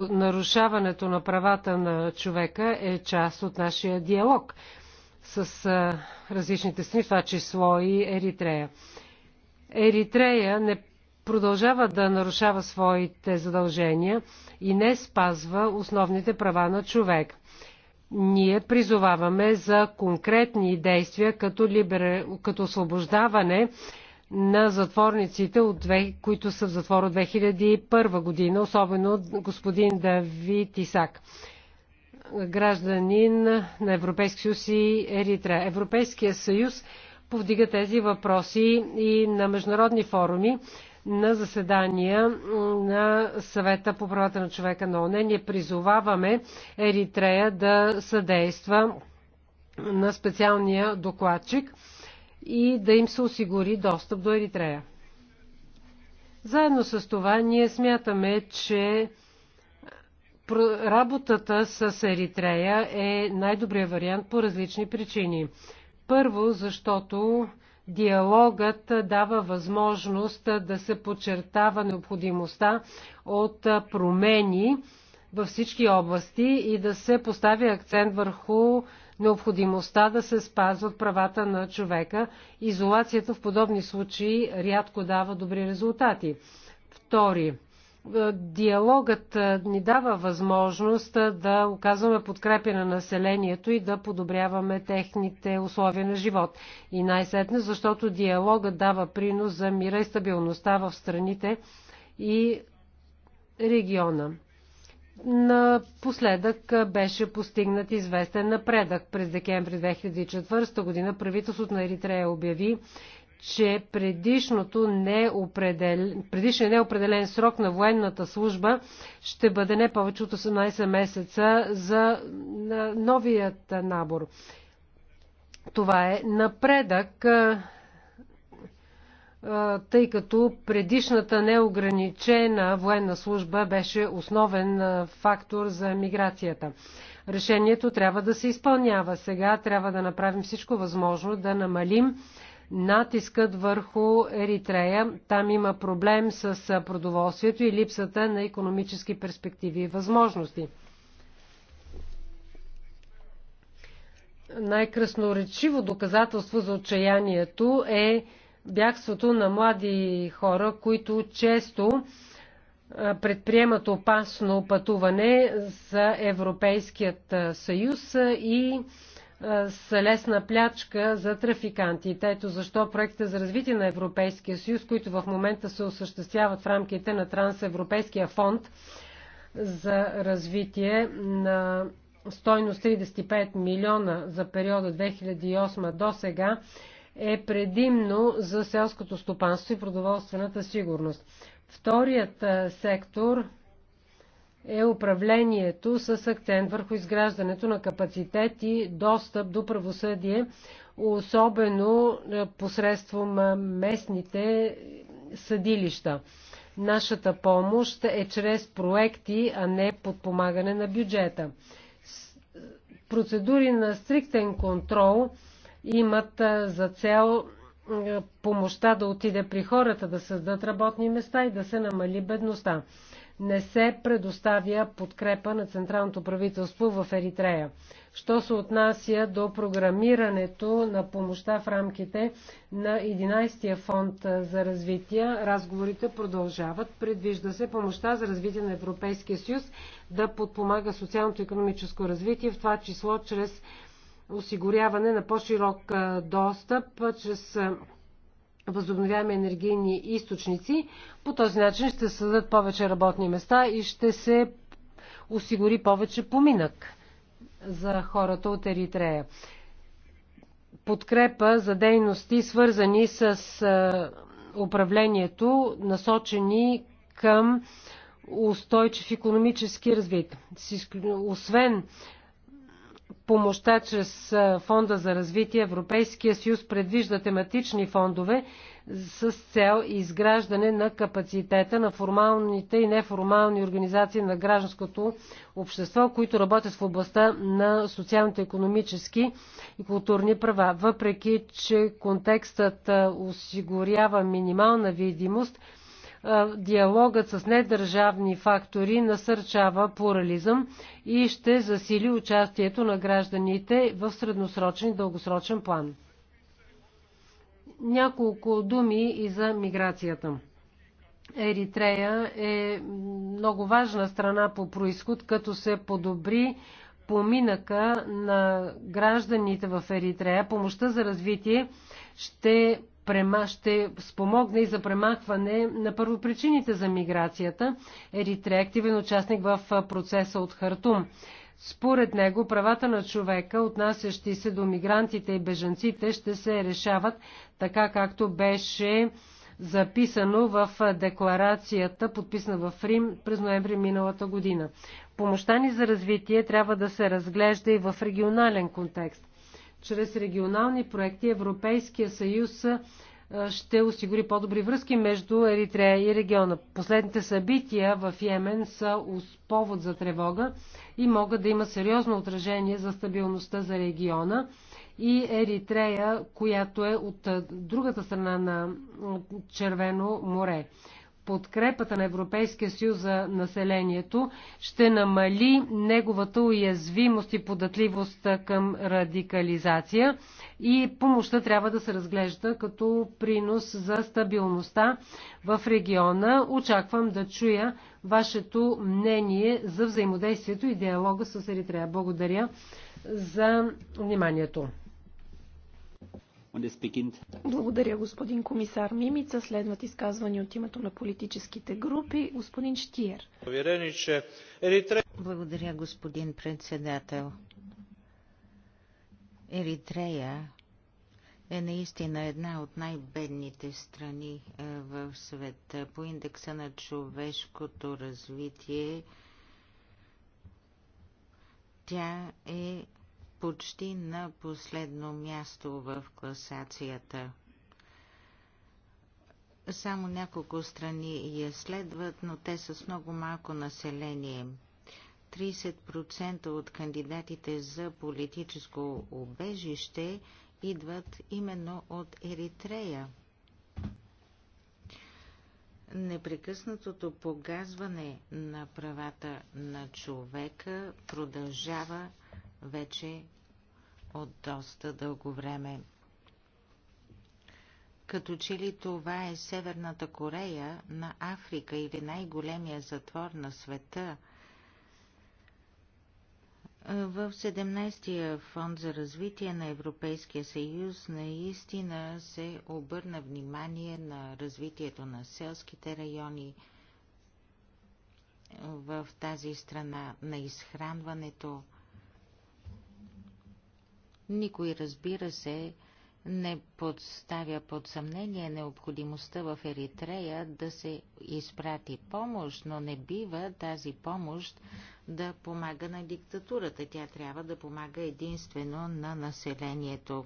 нарушаването на правата на човека е част от нашия диалог с различните страни, това число и Еритрея. Еритрея не продължава да нарушава своите задължения и не спазва основните права на човек. Ние призоваваме за конкретни действия като, либер... като освобождаване на затворниците, от две, които са в затвор от 2001 година, особено господин Давид Исак, гражданин на Европейския съюз и Еритрея. Европейския съюз повдига тези въпроси и на международни форуми, на заседания на съвета по правата на човека на ОНЕ. Ние призоваваме Еритрея да съдейства на специалния докладчик и да им се осигури достъп до Еритрея. Заедно с това ние смятаме, че работата с Еритрея е най-добрият вариант по различни причини. Първо, защото диалогът дава възможност да се подчертава необходимостта от промени във всички области и да се постави акцент върху необходимостта да се спазват правата на човека. Изолацията в подобни случаи рядко дава добри резултати. Втори, е, диалогът е, ни дава възможност е, да оказваме подкрепя на населението и да подобряваме техните условия на живот. И най-сетне, защото диалогът дава принос за мира и стабилността в страните и региона. Напоследък беше постигнат известен напредък. През декември 2004 година правителството на Еритрея обяви, че предишното неопредел... предишният неопределен срок на военната служба ще бъде не повече от 18 месеца за новият набор. Това е напредък тъй като предишната неограничена военна служба беше основен фактор за миграцията. Решението трябва да се изпълнява. Сега трябва да направим всичко възможно да намалим натискът върху Еритрея. Там има проблем с продоволствието и липсата на економически перспективи и възможности. Най-красноречиво доказателство за отчаянието е бягството на млади хора, които често предприемат опасно пътуване за Европейският съюз и с лесна плячка за трафикантите. Ето защо проекта за развитие на Европейския съюз, които в момента се осъществяват в рамките на Трансевропейския фонд за развитие на стойност 35 милиона за периода 2008 до сега, е предимно за селското стопанство и продоволствената сигурност. Вторият сектор е управлението с акцент върху изграждането на капацитет и достъп до правосъдие, особено посредством местните съдилища. Нашата помощ е чрез проекти, а не подпомагане на бюджета. Процедури на стриктен контрол – имат за цел помощта да отиде при хората, да създадат работни места и да се намали бедността. Не се предоставя подкрепа на Централното правителство в Еритрея. Що се отнася до програмирането на помощта в рамките на 11-я фонд за развитие, разговорите продължават. Предвижда се помощта за развитие на Европейския съюз да подпомага социалното и економическо развитие, в това число чрез осигуряване на по-широк достъп чрез възобновяеми енергийни източници. По този начин ще създадат повече работни места и ще се осигури повече поминък за хората от Еритрея. Подкрепа за дейности, свързани с управлението, насочени към устойчив економически развит. Освен помощта чрез Фонда за развитие Европейския съюз предвижда тематични фондове с цел изграждане на капацитета на формалните и неформални организации на гражданското общество, които работят в областта на социалните, економически и културни права. Въпреки, че контекстът осигурява минимална видимост, диалогът с недържавни фактори насърчава плурализъм и ще засили участието на гражданите в средносрочен и дългосрочен план. Няколко думи и за миграцията. Еритрея е много важна страна по происход, като се подобри поминъка на гражданите в Еритрея. Помощта за развитие ще према, ще спомогне и за премахване на първопричините за миграцията. Еритрея е активен участник в процеса от Хартум. Според него правата на човека, отнасящи се до мигрантите и бежанците, ще се решават така както беше записано в декларацията, подписана в Рим през ноември миналата година. Помощта ни за развитие трябва да се разглежда и в регионален контекст чрез регионални проекти Европейския съюз ще осигури по-добри връзки между Еритрея и региона. Последните събития в Йемен са повод за тревога и могат да има сериозно отражение за стабилността за региона и Еритрея, която е от другата страна на Червено море подкрепата на Европейския съюз за населението ще намали неговата уязвимост и податливост към радикализация и помощта трябва да се разглежда като принос за стабилността в региона. Очаквам да чуя вашето мнение за взаимодействието и диалога с Еритрея. Благодаря за вниманието. Благодаря, господин комисар Мимица. Следват изказвания от името на политическите групи. Господин Штиер. Благодаря, господин председател. Еритрея е наистина една от най-бедните страни е, в света. По индекса на човешкото развитие тя е почти на последно място в класацията. Само няколко страни я следват, но те са с много малко население. 30% от кандидатите за политическо убежище идват именно от Еритрея. Непрекъснатото погазване на правата на човека продължава вече от доста дълго време. Като че ли това е Северната Корея на Африка или най-големия затвор на света? В 17-я фонд за развитие на Европейския съюз наистина се обърна внимание на развитието на селските райони в тази страна, на изхранването, никой, разбира се, не подставя под съмнение необходимостта в Еритрея да се изпрати помощ, но не бива тази помощ да помага на диктатурата. Тя трябва да помага единствено на населението.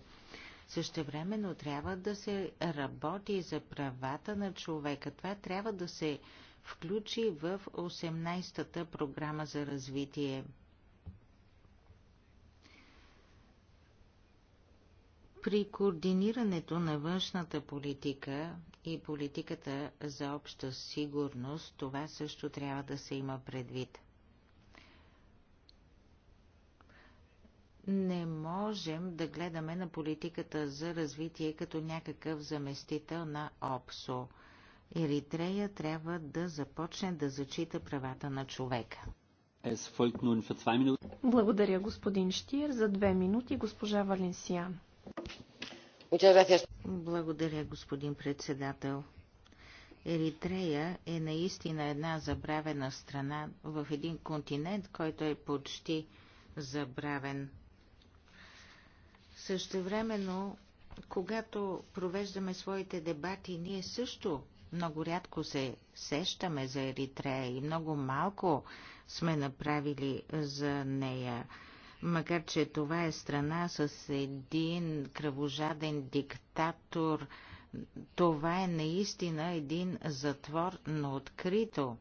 Същевременно трябва да се работи за правата на човека. Това трябва да се включи в 18-та програма за развитие. При координирането на външната политика и политиката за обща сигурност, това също трябва да се има предвид. Не можем да гледаме на политиката за развитие като някакъв заместител на ОПСО. Еритрея трябва да започне да зачита правата на човека. Благодаря, господин Штир. За две минути госпожа Валенсиан. Благодаря, господин председател. Еритрея е наистина една забравена страна в един континент, който е почти забравен. Същевременно, когато провеждаме своите дебати, ние също много рядко се сещаме за Еритрея и много малко сме направили за нея макар че това е страна с един кръвожаден диктатор. Това е наистина един затвор на открито.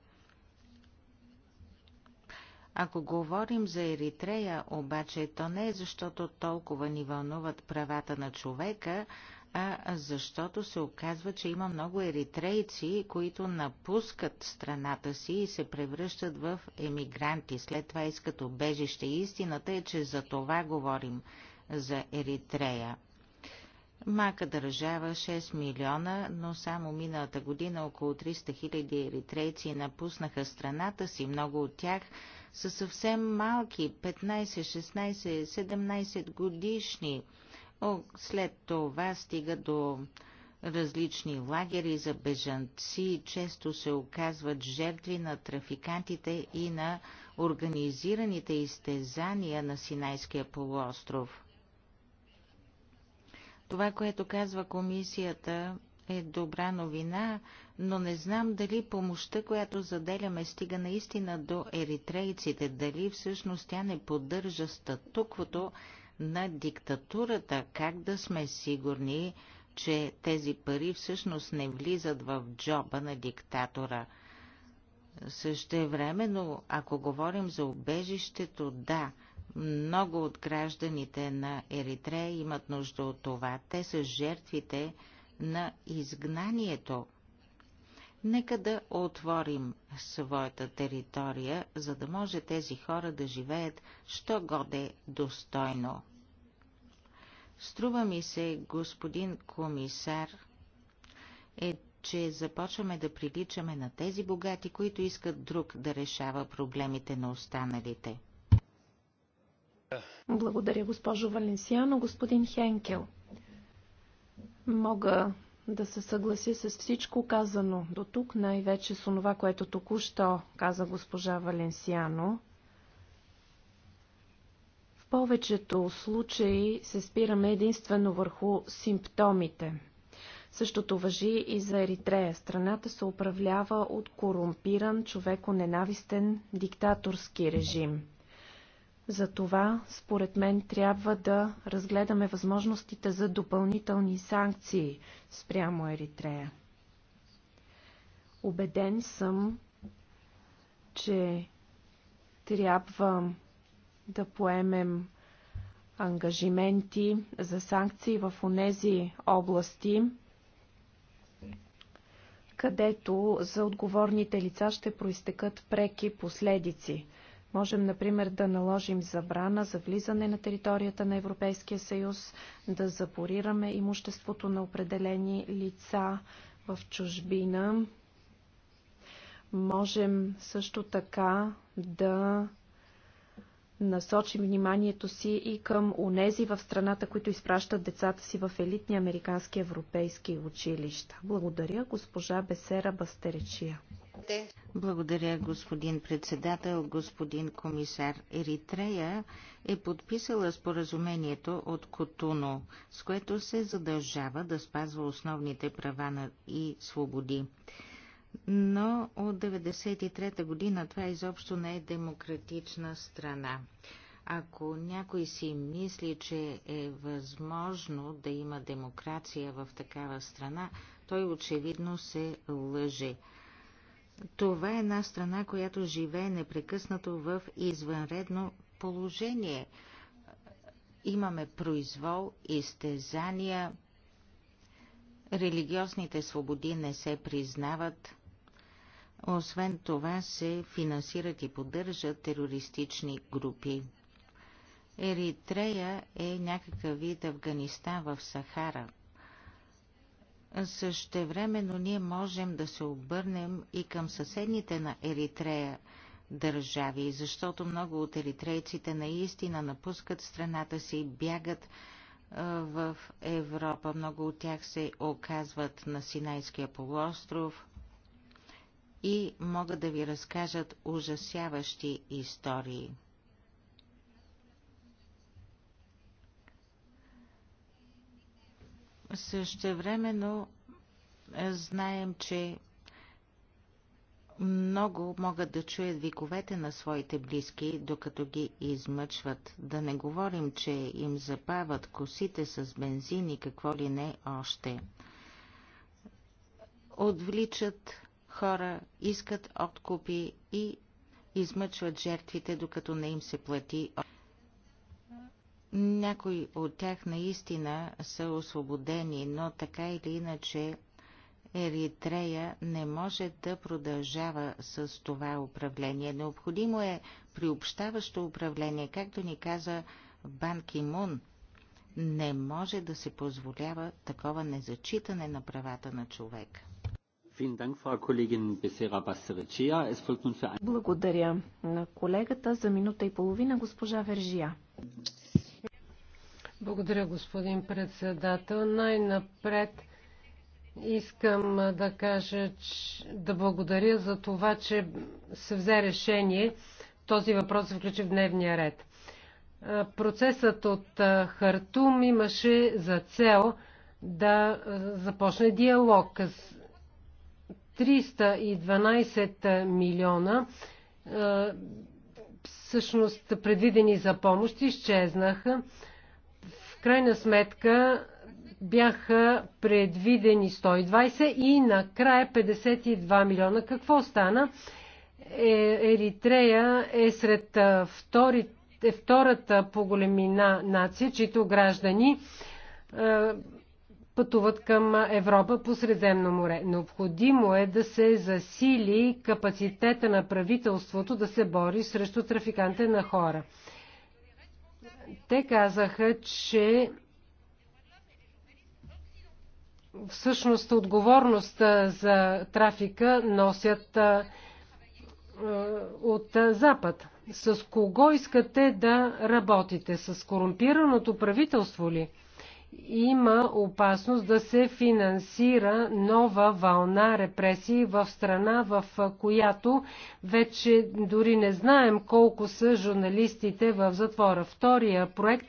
Ако говорим за Еритрея, обаче то не е защото толкова ни вълнуват правата на човека, а защото се оказва, че има много еритрейци, които напускат страната си и се превръщат в емигранти. След това искат обежище. Истината е, че за това говорим за Еритрея. Мака държава 6 милиона, но само миналата година около 300 хиляди еритрейци напуснаха страната си. Много от тях са съвсем малки, 15, 16, 17 годишни. След това стига до различни лагери за бежанци, често се оказват жертви на трафикантите и на организираните изтезания на Синайския полуостров. Това, което казва комисията, е добра новина, но не знам дали помощта, която заделяме, стига наистина до еритрейците, дали всъщност тя не поддържа статуквото на диктатурата, как да сме сигурни, че тези пари всъщност не влизат в джоба на диктатора. Същевременно, ако говорим за убежището, да, много от гражданите на Еритрея имат нужда от това. Те са жертвите на изгнанието – Нека да отворим своята територия, за да може тези хора да живеят що годе достойно. Струва ми се, господин комисар, е, че започваме да приличаме на тези богати, които искат друг да решава проблемите на останалите. Благодаря, госпожо Валенсиано. Господин Хенкел, мога да се съгласи с всичко казано до тук, най-вече с онова, което току-що каза госпожа Валенсиано. В повечето случаи се спираме единствено върху симптомите. Същото въжи и за Еритрея. Страната се управлява от корумпиран, човеконенавистен диктаторски режим – затова, според мен, трябва да разгледаме възможностите за допълнителни санкции спрямо Еритрея. Обеден съм, че трябва да поемем ангажименти за санкции в онези области, където за отговорните лица ще проистекат преки последици – Можем, например, да наложим забрана за влизане на територията на Европейския съюз, да запорираме имуществото на определени лица в чужбина. Можем също така да насочим вниманието си и към онези в страната, които изпращат децата си в елитни американски европейски училища. Благодаря, госпожа Бесера Бастеречия. Благодаря, господин председател, господин комисар. Еритрея е подписала споразумението от Котуно, с което се задължава да спазва основните права и свободи. Но от 1993 година това изобщо не е демократична страна. Ако някой си мисли, че е възможно да има демокрация в такава страна, той очевидно се лъже. Това е една страна, която живее непрекъснато в извънредно положение. Имаме произвол, изтезания, религиозните свободи не се признават. Освен това се финансират и поддържат терористични групи. Еритрея е някакъв вид Афганистан в Сахара – но ние можем да се обърнем и към съседните на Еритрея държави, защото много от еритрейците наистина напускат страната си, бягат в Европа. Много от тях се оказват на Синайския полуостров и могат да ви разкажат ужасяващи истории. Същевременно е, знаем, че много могат да чуят виковете на своите близки, докато ги измъчват. Да не говорим, че им запават косите с бензин и какво ли не още. Отвличат хора, искат откупи и измъчват жертвите, докато не им се плати. Някои от тях наистина са освободени, но така или иначе Еритрея не може да продължава с това управление. Необходимо е приобщаващо управление, както ни каза Банки Мун, Не може да се позволява такова незачитане на правата на човека. Благодаря на колегата за минута и половина, госпожа Вержия. Благодаря, господин председател. Най-напред искам да кажа, че, да благодаря за това, че се взе решение този въпрос се включи в дневния ред. Процесът от Хартум имаше за цел да започне диалог. 312 милиона всъщност предвидени за помощ изчезнаха. В крайна сметка бяха предвидени 120 и накрая 52 милиона. Какво стана? Е, Еритрея е сред втори, е втората по големина нация, чието граждани е, пътуват към Европа по Средземно море. Необходимо е да се засили капацитета на правителството да се бори срещу трафиканте на хора. Те казаха, че всъщност отговорността за трафика носят от Запад. С кого искате да работите? С корумпираното правителство ли? има опасност да се финансира нова вълна репресии в страна, в която вече дори не знаем колко са журналистите в затвора. Втория проект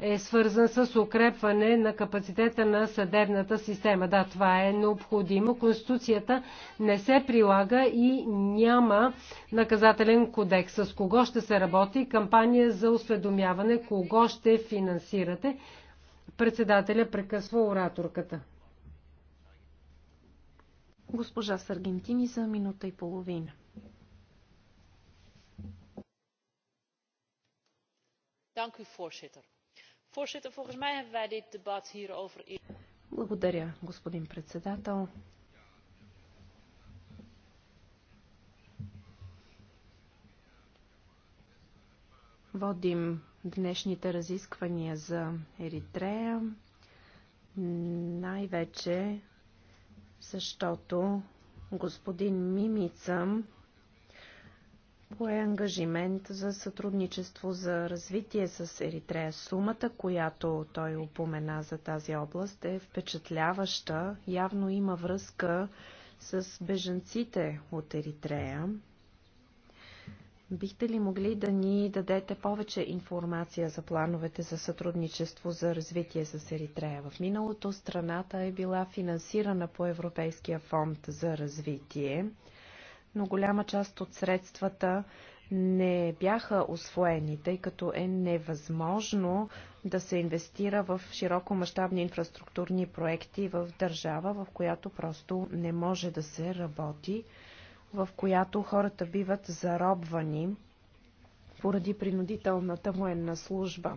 е свързан с укрепване на капацитета на съдебната система. Да, това е необходимо. Конституцията не се прилага и няма наказателен кодекс. С кого ще се работи? Кампания за осведомяване. Кого ще финансирате? Председателя прекъсва ораторката. Госпожа Саргентини за минута и половина. volgens mij hebben wij dit debat hierover Благодаря, господин председател. Водим днешните разисквания за Еритрея, най-вече защото господин Мимица пое ангажимент за сътрудничество за развитие с Еритрея. Сумата, която той упомена за тази област е впечатляваща. Явно има връзка с бежанците от Еритрея. Бихте ли могли да ни дадете повече информация за плановете за сътрудничество за развитие с Еритрея? В миналото страната е била финансирана по Европейския фонд за развитие, но голяма част от средствата не бяха освоени, тъй като е невъзможно да се инвестира в широко мащабни инфраструктурни проекти в държава, в която просто не може да се работи в която хората биват заробвани поради принудителната военна служба.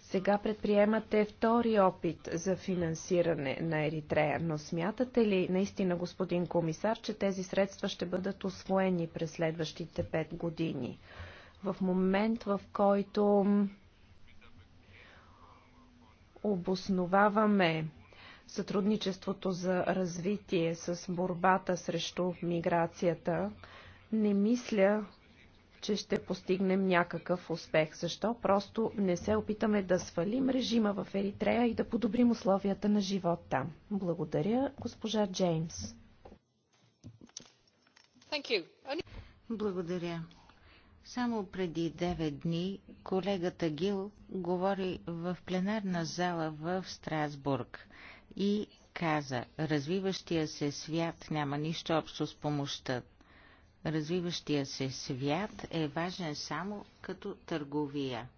Сега предприемате втори опит за финансиране на Еритрея, но смятате ли наистина, господин комисар, че тези средства ще бъдат освоени през следващите пет години? В момент, в който обосноваваме сътрудничеството за развитие, с борбата срещу миграцията, не мисля, че ще постигнем някакъв успех. Защо? Просто не се опитаме да свалим режима в Еритрея и да подобрим условията на живот там. Благодаря, госпожа Джеймс. Благодаря. Само преди 9 дни колегата Гил говори в пленарна зала в Страсбург и каза, развиващия се свят няма нищо общо с помощта. Развиващия се свят е важен само като търговия.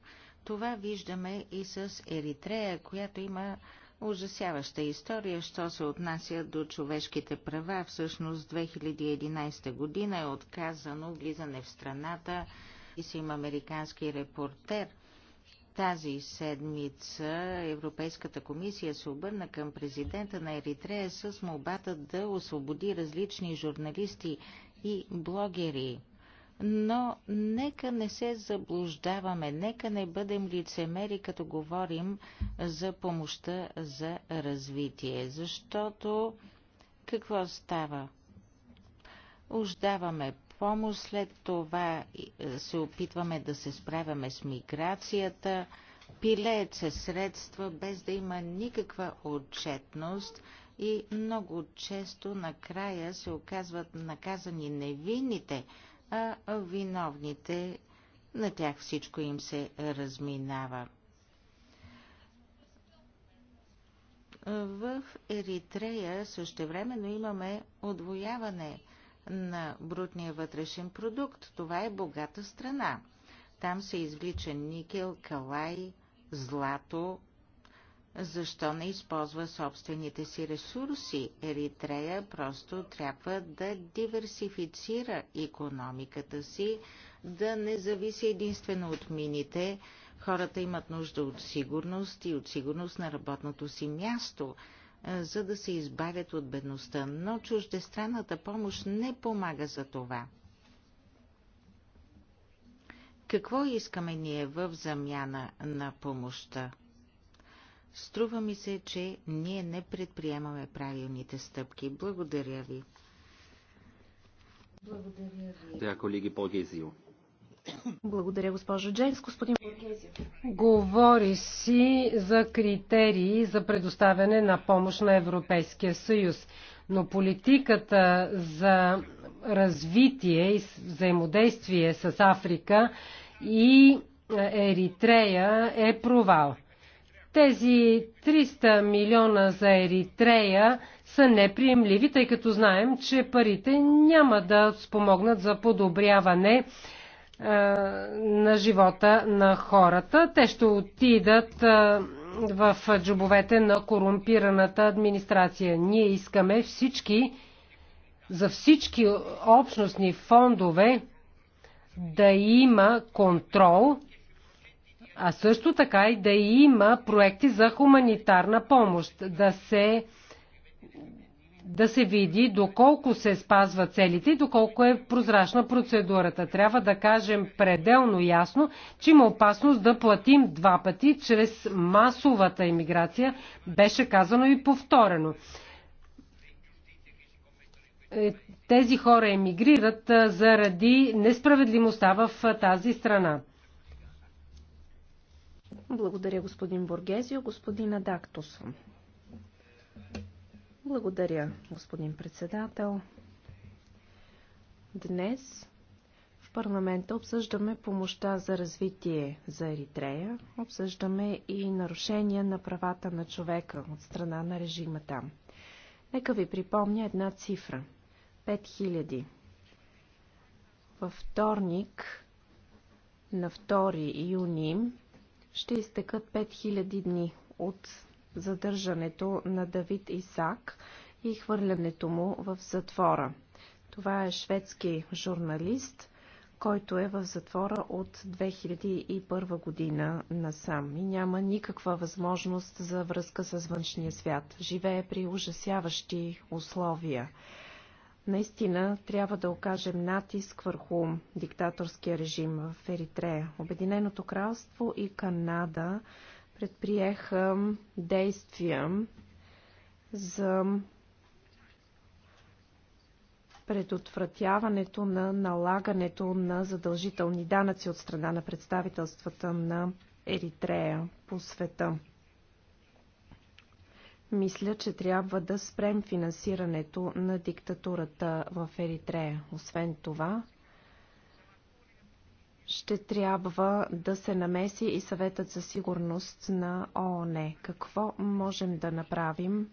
Това виждаме и с Еритрея, която има ужасяваща история, що се отнася до човешките права. Всъщност 2011 година е отказано влизане в страната и си има американски репортер – тази седмица Европейската комисия се обърна към президента на Еритрея с молбата да освободи различни журналисти и блогери. Но нека не се заблуждаваме, нека не бъдем лицемери, като говорим за помощта за развитие, защото какво става? Уждаваме помощ, след това е, се опитваме да се справяме с миграцията, пилеят се средства без да има никаква отчетност и много често накрая се оказват наказани невинните, а виновните на тях всичко им се разминава. В Еритрея също времено имаме отвояване – на брутния вътрешен продукт. Това е богата страна. Там се извлича никел, калай, злато. Защо не използва собствените си ресурси? Еритрея просто трябва да диверсифицира економиката си, да не зависи единствено от мините. Хората имат нужда от сигурност и от сигурност на работното си място за да се избавят от бедността, но чуждестранната помощ не помага за това. Какво искаме ние в замяна на помощта? Струва ми се, че ние не предприемаме правилните стъпки. Благодаря ви. Благодаря ви. Да, колеги Полгезио. Благодаря, госпожо Джеймс. Господин Говори си за критерии за предоставяне на помощ на Европейския съюз, но политиката за развитие и взаимодействие с Африка и Еритрея е провал. Тези 300 милиона за Еритрея са неприемливи, тъй като знаем, че парите няма да спомогнат за подобряване е, на живота на хората. Те ще отидат е, в джобовете на корумпираната администрация. Ние искаме всички, за всички общностни фондове да има контрол, а също така и да има проекти за хуманитарна помощ, да се да се види доколко се спазва целите и доколко е прозрачна процедурата. Трябва да кажем пределно ясно, че има опасност да платим два пъти чрез масовата иммиграция, беше казано и повторено. Е, тези хора емигрират заради несправедливостта в тази страна. Благодаря господин Боргезио, господин Адактус. Благодаря, господин председател. Днес в парламента обсъждаме помощта за развитие за Еритрея, обсъждаме и нарушения на правата на човека от страна на режима там. Нека ви припомня една цифра. 5000. Във вторник, на 2 юни, ще изтекат 5000 дни от задържането на Давид Исак и хвърлянето му в затвора. Това е шведски журналист, който е в затвора от 2001 година насам и няма никаква възможност за връзка с външния свят. Живее при ужасяващи условия. Наистина трябва да окажем натиск върху диктаторския режим в Еритрея. Обединеното кралство и Канада предприеха действия за предотвратяването на налагането на задължителни данъци от страна на представителствата на Еритрея по света. Мисля, че трябва да спрем финансирането на диктатурата в Еритрея. Освен това, ще трябва да се намеси и съветът за сигурност на ООН. Какво можем да направим,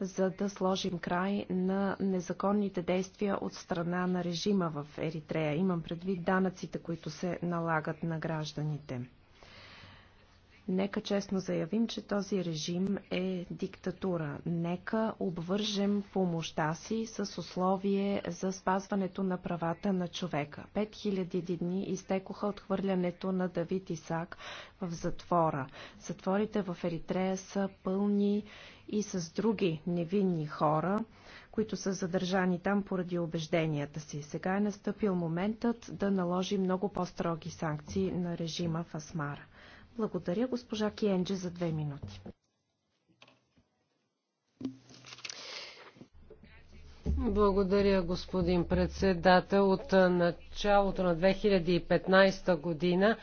за да сложим край на незаконните действия от страна на режима в Еритрея? Имам предвид данъците, които се налагат на гражданите. Нека честно заявим, че този режим е диктатура. Нека обвържем помощта си с условие за спазването на правата на човека. 5000 дни изтекоха от хвърлянето на Давид Исак в затвора. Затворите в Еритрея са пълни и с други невинни хора, които са задържани там поради убежденията си. Сега е настъпил моментът да наложи много по-строги санкции на режима в Асмара. Благодаря, госпожа Киенджи, за две минути. Благодаря, господин председател. От началото на 2015 година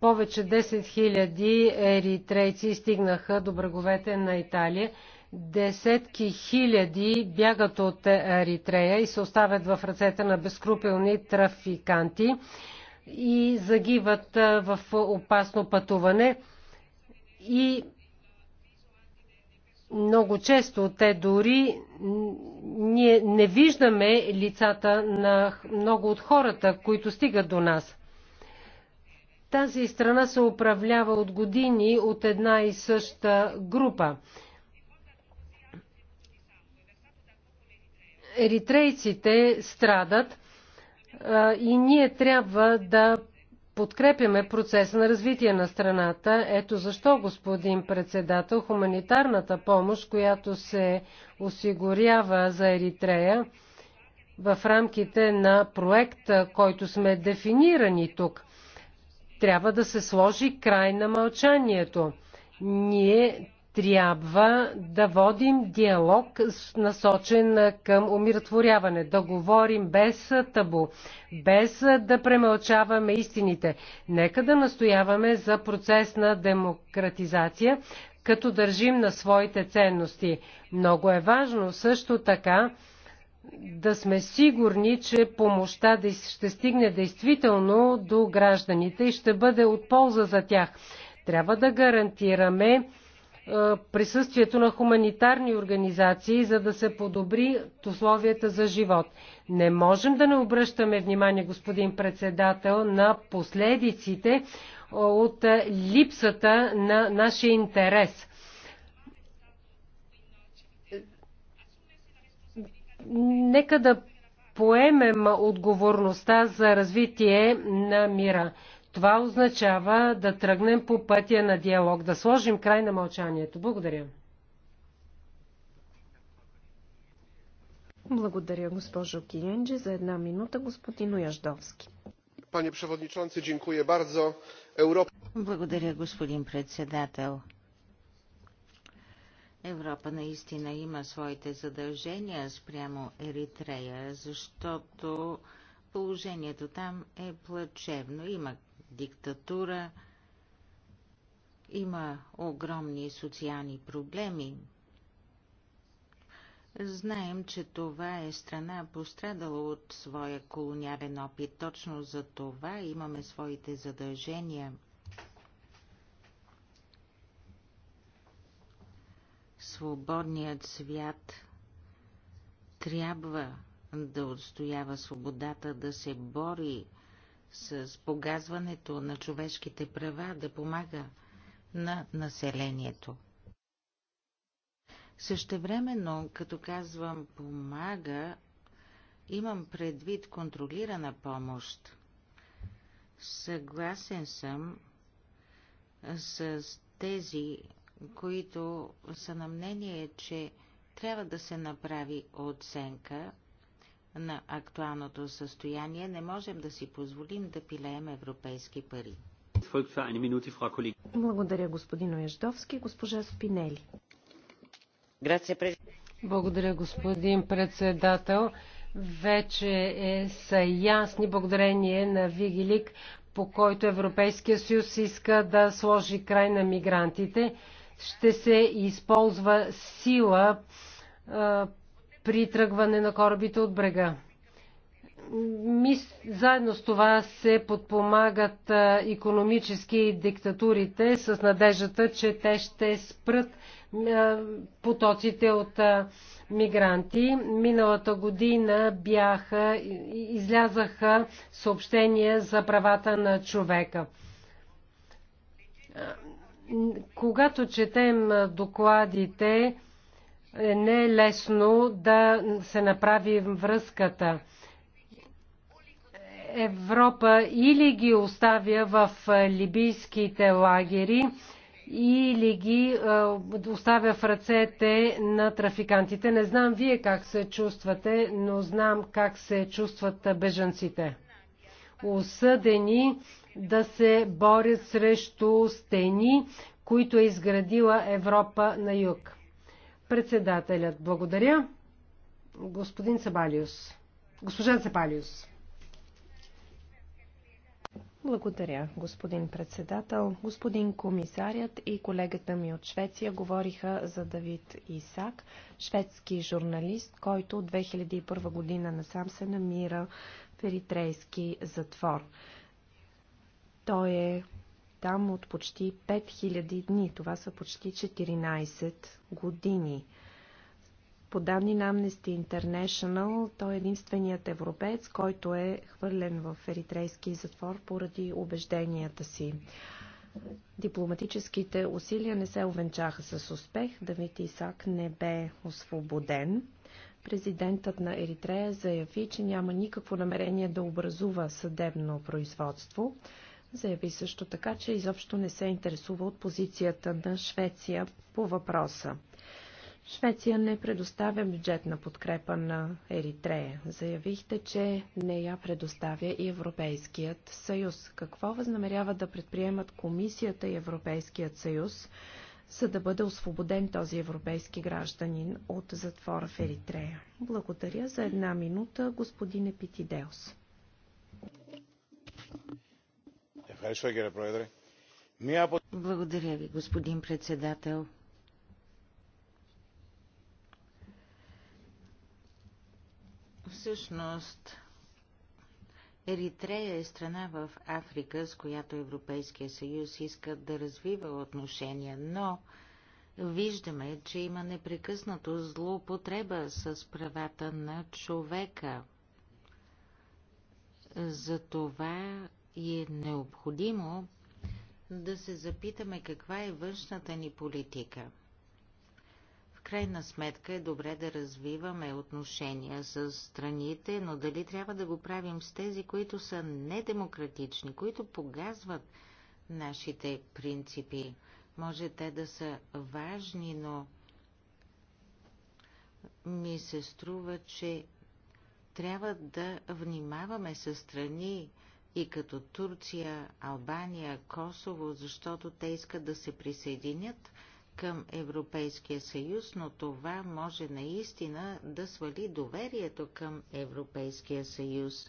повече 10 000 еритрейци стигнаха до бреговете на Италия. Десетки хиляди бягат от Еритрея и се оставят в ръцете на безкрупилни трафиканти и загиват в опасно пътуване. И много често те дори ние не виждаме лицата на много от хората, които стигат до нас. Тази страна се управлява от години от една и съща група. Еритрейците страдат и ние трябва да подкрепяме процеса на развитие на страната. Ето защо, господин председател, хуманитарната помощ, която се осигурява за Еритрея в рамките на проекта, който сме дефинирани тук, трябва да се сложи край на мълчанието. Ние трябва да водим диалог, насочен към умиротворяване, да говорим без табу, без да премълчаваме истините. Нека да настояваме за процес на демократизация, като държим на своите ценности. Много е важно също така да сме сигурни, че помощта ще стигне действително до гражданите и ще бъде от полза за тях. Трябва да гарантираме присъствието на хуманитарни организации, за да се подобри условията за живот. Не можем да не обръщаме внимание, господин председател, на последиците от липсата на нашия интерес. Нека да поемем отговорността за развитие на мира. Това означава да тръгнем по пътя на диалог, да сложим край на мълчанието. Благодаря. Благодаря, госпожо Киенджи. За една минута господин Ояждовски. Пане przewodniczący, dziękuję bardzo. Европа... Благодаря, господин председател. Европа наистина има своите задължения спрямо Еритрея, защото положението там е плачевно. Има диктатура, има огромни социални проблеми. Знаем, че това е страна пострадала от своя колониален опит. Точно за това имаме своите задължения. Свободният свят трябва да отстоява свободата, да се бори с погазването на човешките права, да помага на населението. Същевременно, като казвам помага, имам предвид контролирана помощ. Съгласен съм с тези, които са на мнение, че трябва да се направи оценка на актуалното състояние, не можем да си позволим да пилеем европейски пари. Благодаря, господин Оеждовски. Госпожа Спинели. Благодаря, господин председател. Вече е, са ясни благодарение на Вигилик, по който Европейския съюз иска да сложи край на мигрантите. Ще се използва сила при тръгване на корабите от брега. Заедно с това се подпомагат економически диктатурите с надеждата, че те ще спрат потоците от мигранти. Миналата година бяха, излязаха съобщения за правата на човека. Когато четем докладите, е не е лесно да се направи връзката. Европа или ги оставя в либийските лагери, или ги оставя в ръцете на трафикантите. Не знам вие как се чувствате, но знам как се чувстват бежанците. Осъдени да се борят срещу стени, които е изградила Европа на юг. Председателят, благодаря. Господин Сабалиус. Госпожа Сабалиус. Благодаря, господин председател. Господин комисарят и колегата ми от Швеция говориха за Давид Исак, шведски журналист, който от 2001 година насам се намира в еритрейски затвор. Той е там от почти 5000 дни. Това са почти 14 години. По данни на Amnesty International, той е единственият европеец, който е хвърлен в еритрейски затвор поради убежденията си. Дипломатическите усилия не се овенчаха с успех. Давид Исак не бе освободен. Президентът на Еритрея заяви, че няма никакво намерение да образува съдебно производство. Заяви също така, че изобщо не се интересува от позицията на Швеция по въпроса. Швеция не предоставя бюджетна подкрепа на Еритрея. Заявихте, че не я предоставя и Европейският съюз. Какво възнамерява да предприемат Комисията и Европейският съюз, за да бъде освободен този европейски гражданин от затвора в Еритрея? Благодаря за една минута, господин Епитидеус. Благодаря ви, господин председател. Всъщност, Еритрея е страна в Африка, с която Европейския съюз иска да развива отношения, но виждаме, че има непрекъснато злоупотреба с правата на човека. За това и е необходимо да се запитаме каква е външната ни политика. В крайна сметка е добре да развиваме отношения с страните, но дали трябва да го правим с тези, които са недемократични, които погазват нашите принципи? Може те да са важни, но ми се струва, че трябва да внимаваме със страни, и като Турция, Албания, Косово, защото те искат да се присъединят към Европейския съюз, но това може наистина да свали доверието към Европейския съюз.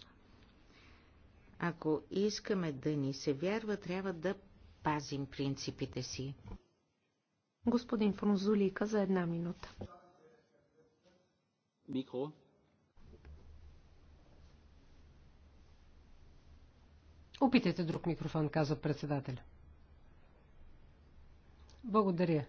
Ако искаме да ни се вярва, трябва да пазим принципите си. Господин Фрунзулика за една минута. Микро. Опитайте друг микрофон, каза председателя. Благодаря.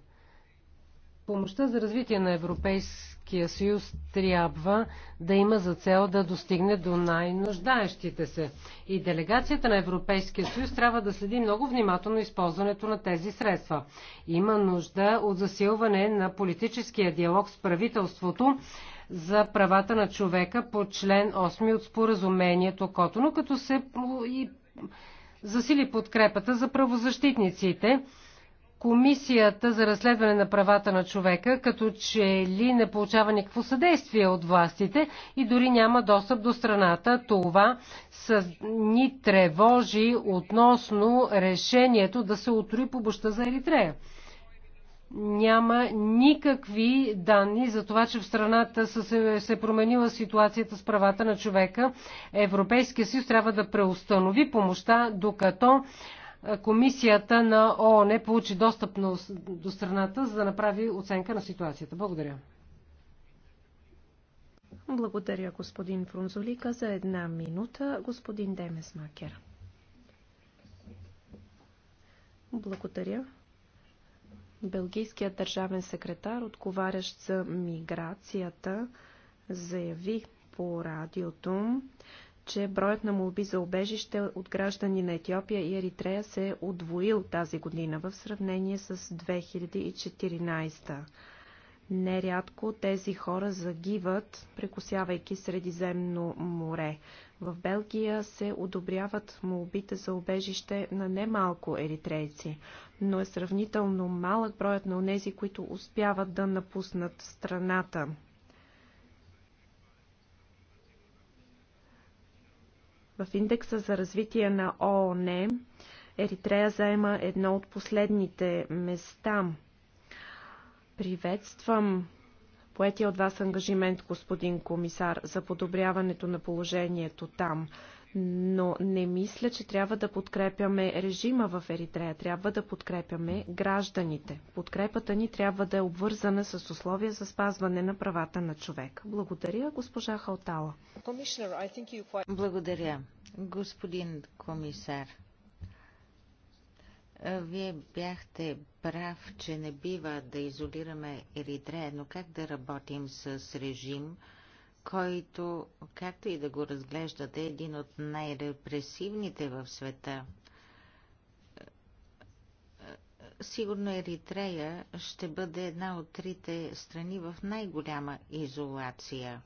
Помощта за развитие на Европейския съюз трябва да има за цел да достигне до най-нуждаещите се. И делегацията на Европейския съюз трябва да следи много внимателно използването на тези средства. Има нужда от засилване на политическия диалог с правителството за правата на човека по член 8 от споразумението Котоно, като се и засили подкрепата за правозащитниците. Комисията за разследване на правата на човека, като че ли не получава никакво съдействие от властите и дори няма достъп до страната. Това ни тревожи относно решението да се отруи по за Еритрея няма никакви данни за това, че в страната се, се променила ситуацията с правата на човека. Европейския съюз трябва да преустанови помощта, докато комисията на ООН получи достъп до страната, за да направи оценка на ситуацията. Благодаря. Благодаря, господин Фрунзолика. За една минута, господин Демесмакер. Благодаря. Белгийският държавен секретар, отговарящ за миграцията, заяви по радиото, че броят на молби за обежище от граждани на Етиопия и Еритрея се е удвоил тази година в сравнение с 2014. Нерядко тези хора загиват, прекусявайки Средиземно море. В Белгия се одобряват молбите за обежище на немалко еритрейци но е сравнително малък броят на онези, които успяват да напуснат страната. В индекса за развитие на ООН Еритрея заема едно от последните места. Приветствам поетия от вас ангажимент, господин комисар, за подобряването на положението там но не мисля, че трябва да подкрепяме режима в Еритрея. Трябва да подкрепяме гражданите. Подкрепата ни трябва да е обвързана с условия за спазване на правата на човек. Благодаря, госпожа Халтала. Благодаря, господин комисар. Е, вие бяхте прав, че не бива да изолираме Еритрея, но как да работим с режим, който, както и да го разглеждате, е един от най-репресивните в света. Сигурно Еритрея ще бъде една от трите страни в най-голяма изолация.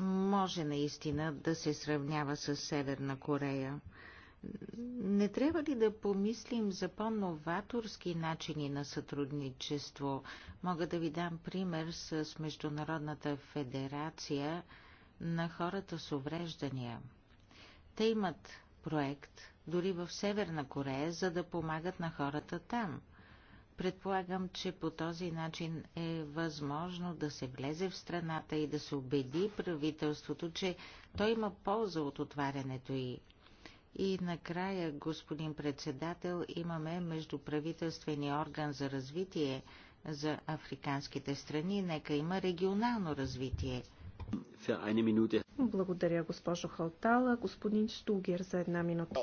Може наистина да се сравнява с Северна Корея – не трябва ли да помислим за по-новаторски начини на сътрудничество? Мога да ви дам пример с Международната федерация на хората с увреждания. Те имат проект дори в Северна Корея, за да помагат на хората там. Предполагам, че по този начин е възможно да се влезе в страната и да се убеди правителството, че той има полза от отварянето и и накрая, господин председател, имаме междуправителствени орган за развитие за африканските страни. Нека има регионално развитие. Благодаря, госпожо Халтала. Господин Штугер за една минута.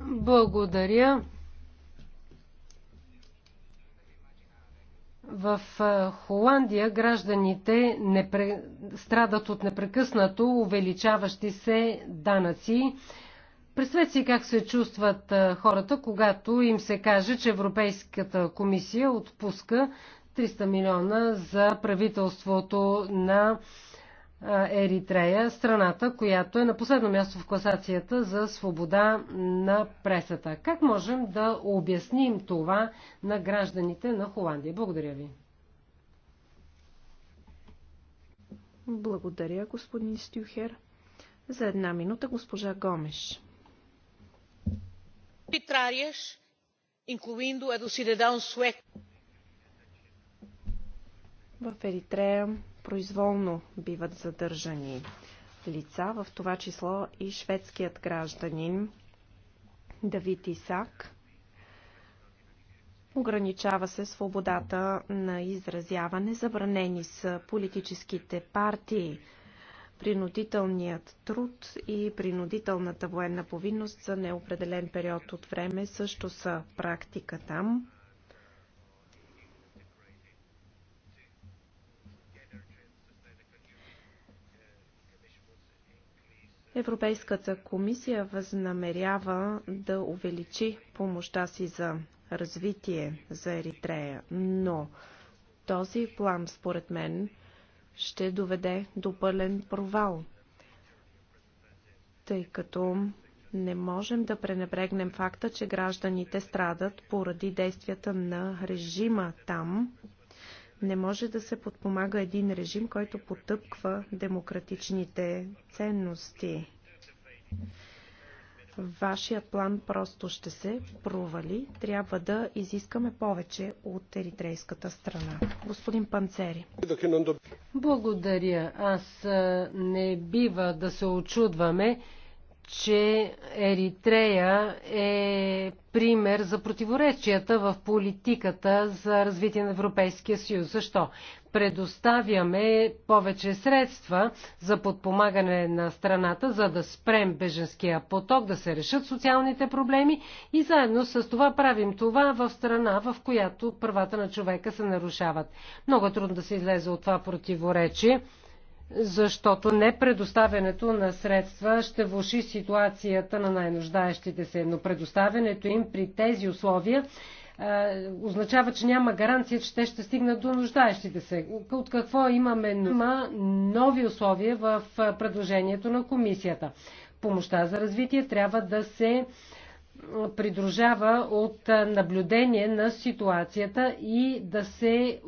Благодаря. В Холандия гражданите пре... страдат от непрекъснато увеличаващи се данъци. Представете си как се чувстват хората, когато им се каже, че Европейската комисия отпуска 300 милиона за правителството на Еритрея, страната, която е на последно място в класацията за свобода на пресата. Как можем да обясним това на гражданите на Холандия? Благодаря ви. Благодаря, господин Стюхер. За една минута госпожа Гомеш. Arbitrárias, incluindo a do cidadão В Еритрея произволно биват задържани лица, в това число и шведският гражданин Давид Исак. Ограничава се свободата на изразяване, забранени са политическите партии, принудителният труд и принудителната военна повинност за неопределен период от време също са практика там. Европейската комисия възнамерява да увеличи помощта си за развитие за Еритрея, но този план, според мен, ще доведе до пълен провал, тъй като не можем да пренебрегнем факта, че гражданите страдат поради действията на режима там, не може да се подпомага един режим, който потъпква демократичните ценности. Вашият план просто ще се провали. Трябва да изискаме повече от еритрейската страна. Господин Панцери. Благодаря. Аз не бива да се очудваме, че Еритрея е пример за противоречията в политиката за развитие на Европейския съюз. Защо? Предоставяме повече средства за подпомагане на страната, за да спрем беженския поток, да се решат социалните проблеми и заедно с това правим това в страна, в която правата на човека се нарушават. Много трудно да се излезе от това противоречие защото непредоставянето на средства ще влуши ситуацията на най-нуждаещите се, но предоставянето им при тези условия е, означава, че няма гаранция, че те ще стигнат до нуждаещите се. От какво имаме има нови условия в предложението на комисията? Помощта за развитие трябва да се придружава от наблюдение на ситуацията и да се е,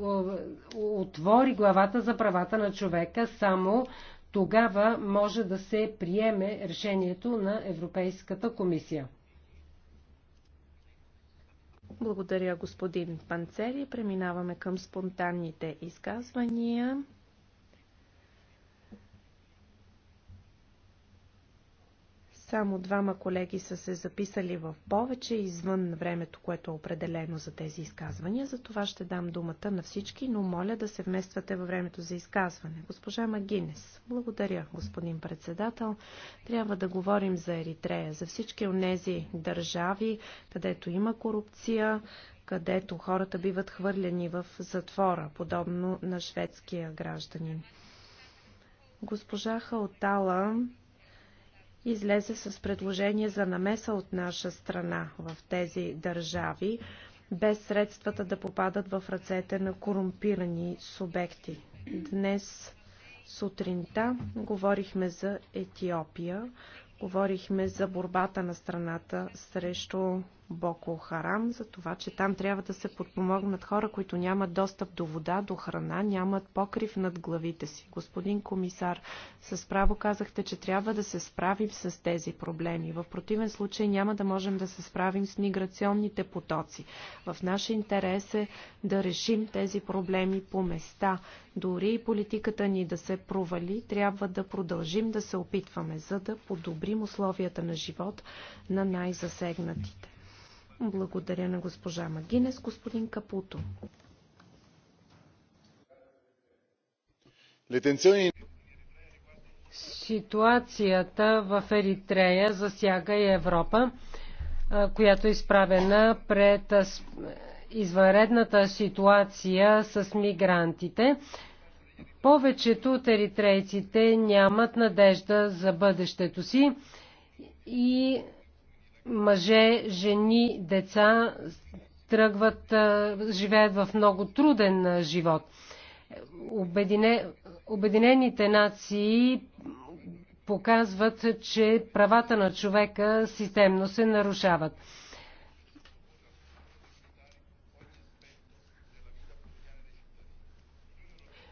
отвори главата за правата на човека. Само тогава може да се приеме решението на Европейската комисия. Благодаря, господин Панцери. Преминаваме към спонтанните изказвания. Само двама колеги са се записали в повече извън времето, което е определено за тези изказвания. За това ще дам думата на всички, но моля да се вмествате във времето за изказване. Госпожа Магинес, благодаря, господин председател. Трябва да говорим за Еритрея, за всички тези държави, където има корупция, където хората биват хвърлени в затвора, подобно на шведския гражданин. Госпожа Халтала излезе с предложение за намеса от наша страна в тези държави, без средствата да попадат в ръцете на корумпирани субекти. Днес сутринта говорихме за Етиопия, говорихме за борбата на страната срещу Боко Харам за това, че там трябва да се подпомогнат хора, които нямат достъп до вода, до храна, нямат покрив над главите си. Господин комисар, с право казахте, че трябва да се справим с тези проблеми. В противен случай няма да можем да се справим с миграционните потоци. В наш интерес е да решим тези проблеми по места. Дори и политиката ни да се провали, трябва да продължим да се опитваме, за да подобрим условията на живот на най-засегнатите. Благодаря на госпожа Магинес, господин Капуто. Ситуацията в Еритрея засяга и Европа, която е изправена пред извънредната ситуация с мигрантите. Повечето от еритрейците нямат надежда за бъдещето си и Мъже, жени, деца тръгват, живеят в много труден живот. Обедине, Обединените нации показват, че правата на човека системно се нарушават.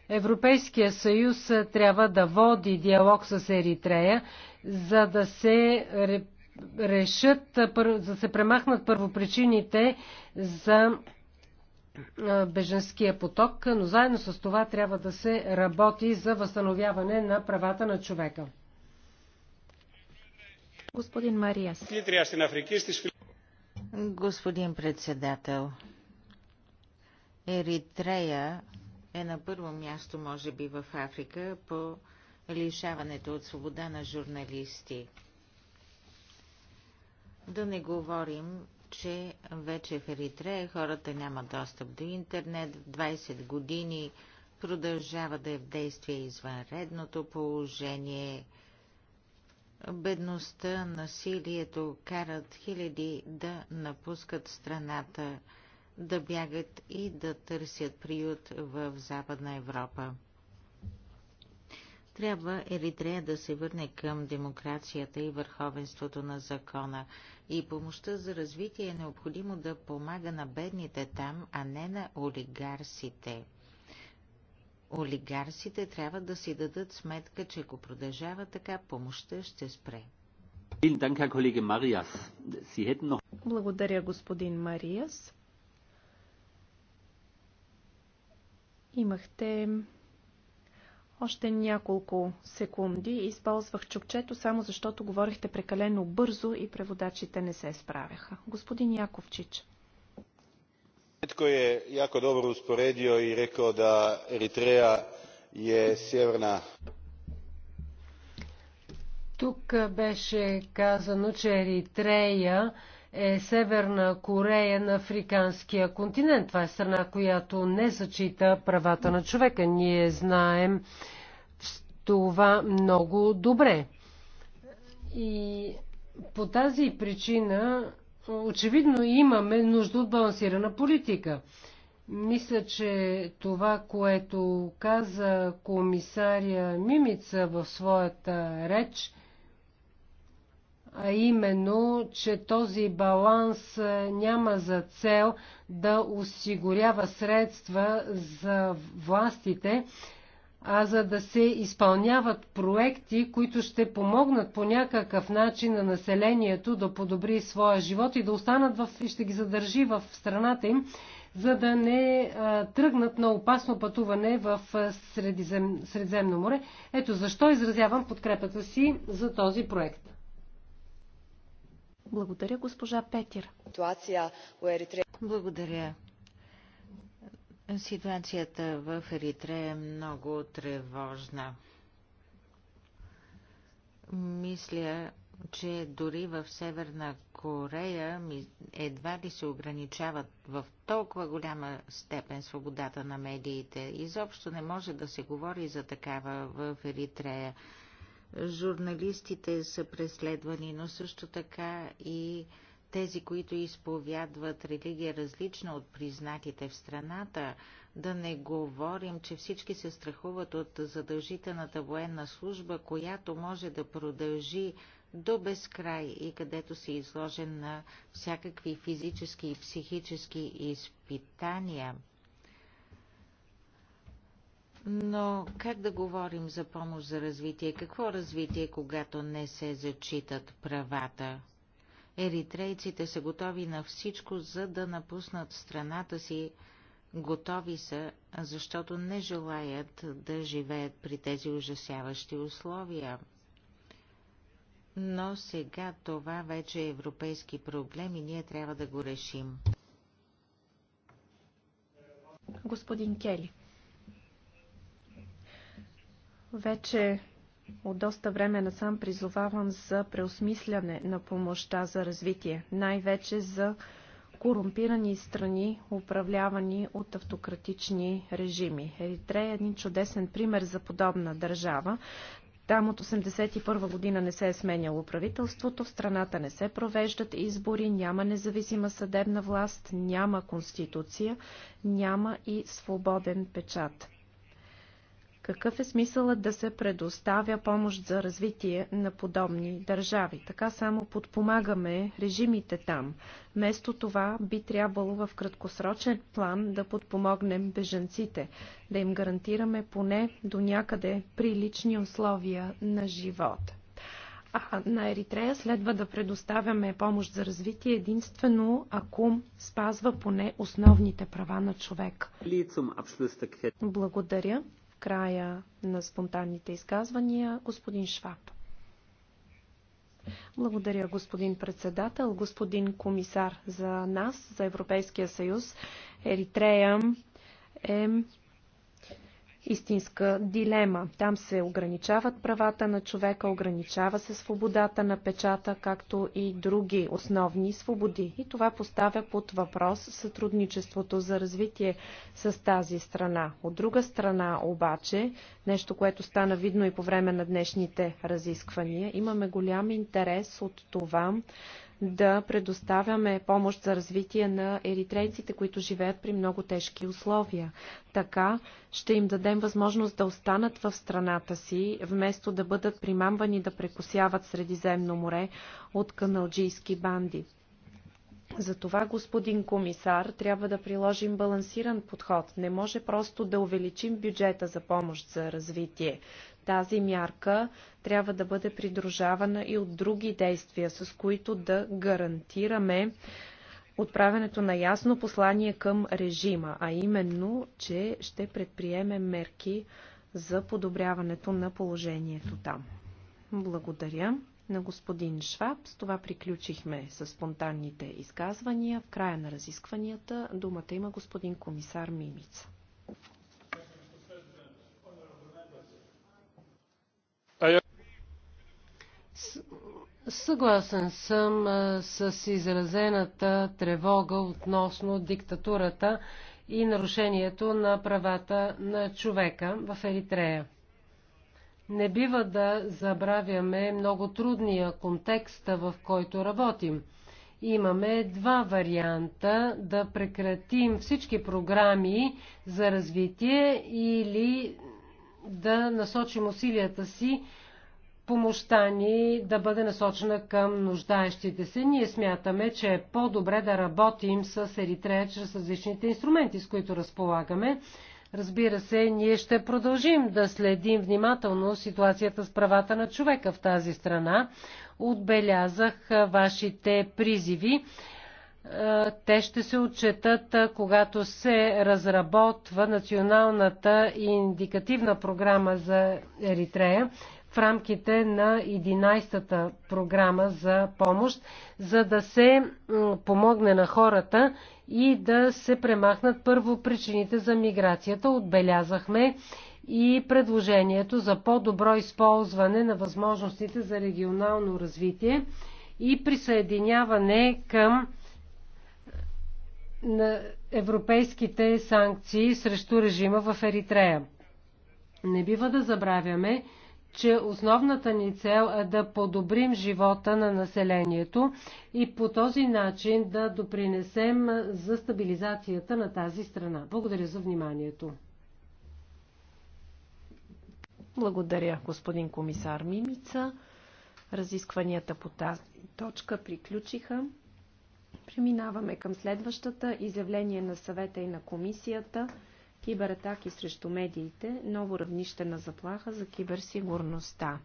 Европейския съюз трябва да води диалог с Еритрея, за да се решат, да се премахнат първопричините за беженския поток, но заедно с това трябва да се работи за възстановяване на правата на човека. Господин Мариас. Господин председател, Еритрея е на първо място, може би, в Африка по лишаването от свобода на журналисти. Да не говорим, че вече в Еритрея хората нямат достъп до интернет. В 20 години продължава да е в действие извънредното положение. Бедността, насилието карат хиляди да напускат страната, да бягат и да търсят приют в Западна Европа. Трябва Еритрея да се върне към демокрацията и върховенството на закона. И помощта за развитие е необходимо да помага на бедните там, а не на олигарсите. Олигарсите трябва да си дадат сметка, че ако продължава така, помощта ще спре. Благодаря, господин Мариас. Имахте още няколко секунди използвах чукчето, само защото говорихте прекалено бързо и преводачите не се справяха. Господин Яковчич. Netko je jako dobro usporedio i rekao da Eritreja je sjeverna тук беше казано, че Еритрея е Северна Корея на африканския континент. Това е страна, която не зачита правата на човека. Ние знаем това много добре. И по тази причина очевидно имаме нужда от балансирана политика. Мисля, че това, което каза комисаря Мимица в своята реч, а именно, че този баланс няма за цел да осигурява средства за властите, а за да се изпълняват проекти, които ще помогнат по някакъв начин на населението да подобри своя живот и да останат в, и ще ги задържи в страната им, за да не а, тръгнат на опасно пътуване в Средизем, Средиземно море. Ето защо изразявам подкрепата си за този проект. Благодаря, госпожа Петер. Благодаря. Ситуацията в Еритрея е много тревожна. Мисля, че дори в Северна Корея едва ли се ограничават в толкова голяма степен свободата на медиите. Изобщо не може да се говори за такава в Еритрея журналистите са преследвани, но също така и тези, които изповядват религия различна от признатите в страната, да не говорим, че всички се страхуват от задължителната военна служба, която може да продължи до безкрай и където се изложен на всякакви физически и психически изпитания – но как да говорим за помощ за развитие? Какво развитие, когато не се зачитат правата? Еритрейците са готови на всичко, за да напуснат страната си. Готови са, защото не желаят да живеят при тези ужасяващи условия. Но сега това вече е европейски проблем и ние трябва да го решим. Господин Кели. Вече от доста време насам призовавам за преосмисляне на помощта за развитие, най-вече за корумпирани страни, управлявани от автократични режими. Еритрея е един чудесен пример за подобна държава. Там от 1981 година не се е сменяло правителството, в страната не се провеждат избори, няма независима съдебна власт, няма конституция, няма и свободен печат. Какъв е смисълът да се предоставя помощ за развитие на подобни държави? Така само подпомагаме режимите там. Вместо това би трябвало в краткосрочен план да подпомогнем бежанците, да им гарантираме поне до някъде прилични условия на живот. А на Еритрея следва да предоставяме помощ за развитие единствено, ако спазва поне основните права на човек. Благодаря края на спонтанните изказвания. Господин Шваб. Благодаря, господин председател, господин комисар. За нас, за Европейския съюз, Еритрея е истинска дилема. Там се ограничават правата на човека, ограничава се свободата на печата, както и други основни свободи. И това поставя под въпрос сътрудничеството за развитие с тази страна. От друга страна обаче, нещо, което стана видно и по време на днешните разисквания, имаме голям интерес от това да предоставяме помощ за развитие на еритрейците, които живеят при много тежки условия. Така ще им дадем възможност да останат в страната си, вместо да бъдат примамвани да прекусяват Средиземно море от каналджийски банди. Затова, господин комисар, трябва да приложим балансиран подход. Не може просто да увеличим бюджета за помощ за развитие. Тази мярка трябва да бъде придружавана и от други действия, с които да гарантираме отправянето на ясно послание към режима, а именно, че ще предприеме мерки за подобряването на положението там. Благодаря на господин Шваб. С това приключихме с спонтанните изказвания. В края на разискванията думата има господин комисар Мимица. Съгласен съм с изразената тревога относно диктатурата и нарушението на правата на човека в Еритрея. Не бива да забравяме много трудния контекст, в който работим. Имаме два варианта да прекратим всички програми за развитие или да насочим усилията си помощта ни да бъде насочена към нуждаещите се. Ние смятаме, че е по-добре да работим с Еритрея чрез различните инструменти, с които разполагаме. Разбира се, ние ще продължим да следим внимателно ситуацията с правата на човека в тази страна. Отбелязах вашите призиви. Те ще се отчетат, когато се разработва националната индикативна програма за Еритрея в рамките на 11-та програма за помощ, за да се помогне на хората и да се премахнат първо причините за миграцията. Отбелязахме и предложението за по-добро използване на възможностите за регионално развитие и присъединяване към е, на европейските санкции срещу режима в Еритрея. Не бива да забравяме, че основната ни цел е да подобрим живота на населението и по този начин да допринесем за стабилизацията на тази страна. Благодаря за вниманието. Благодаря, господин комисар Мимица. Разискванията по тази точка приключиха. Преминаваме към следващата изявление на съвета и на комисията кибератаки срещу медиите, ново равнище на заплаха за киберсигурността.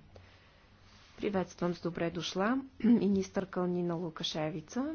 Приветствам с добре дошла министър Кълнина Лукашевица.